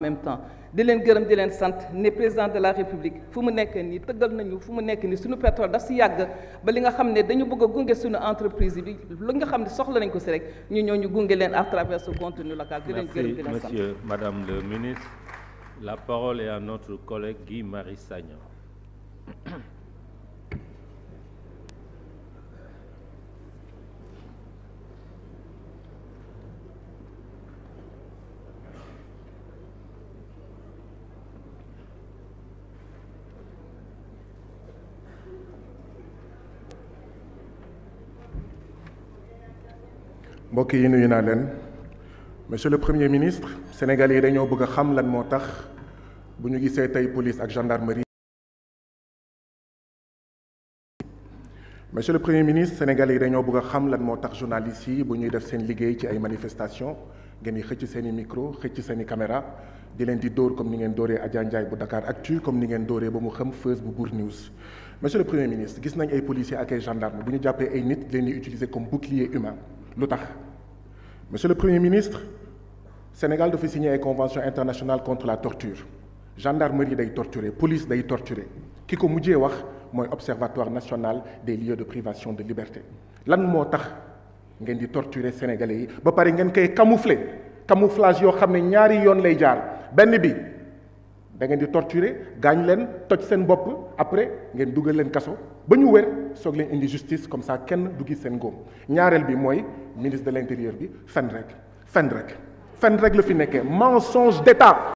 En même temps di leen gërëm di leen sant ne président de la république fu mu nekk ni tëggal nañu fu mu nekk nii suñu pétrole daf ci yagg ba li nga xam ne dañu bëgg a gunge suñu entreprise bi li nga xam ne soxla nañ ko si rek ñu ñoo ñu gunge leen à travers ce contenu local di leen monsieur madame le ministre la parole est à notre collègue Guy Marie Sagnon mbokk yi nuyu naa leen monsieur le premier ministre Sénégal yi dañoo bëgg a xam lan moo tax bu ñu gisee tey police ak gendarmerie. monsieur le premier ministre Sénégal yi dañoo bëgg a xam lan moo tax journalistes yi bu ñuy def seen liggéey ci ay manifestations ngeen xëcc seen i micro xëcc seen i caméra di leen di dóor comme ni ngeen dóoree Adja Ndiaye bu Dakar Actu comme ni ngeen dóoree ba mu xam Feuz bu Bour News. monsieur le premier ministre gis nañ ay policiers ak ay gendarmes bu ñu jàppee ay nit leen di utiliser comme bouclier humain monsieur le premier ministre Sénégal doit signer une convention internationale contre la torture gendarmerie torturée, torturer police doit torturer Qui mon observatoire national des lieux de privation de liberté lan qui est ngeen sénégalais yi ba pare camouflage yo yon ñaari da di torturer gaañ leen après ngeen dugal leen kaso ba ñu wér soog indi justice comme ça kenn du gis seen góom ministre de l'intérieur bi fen rek fen rek rek mensonge d'état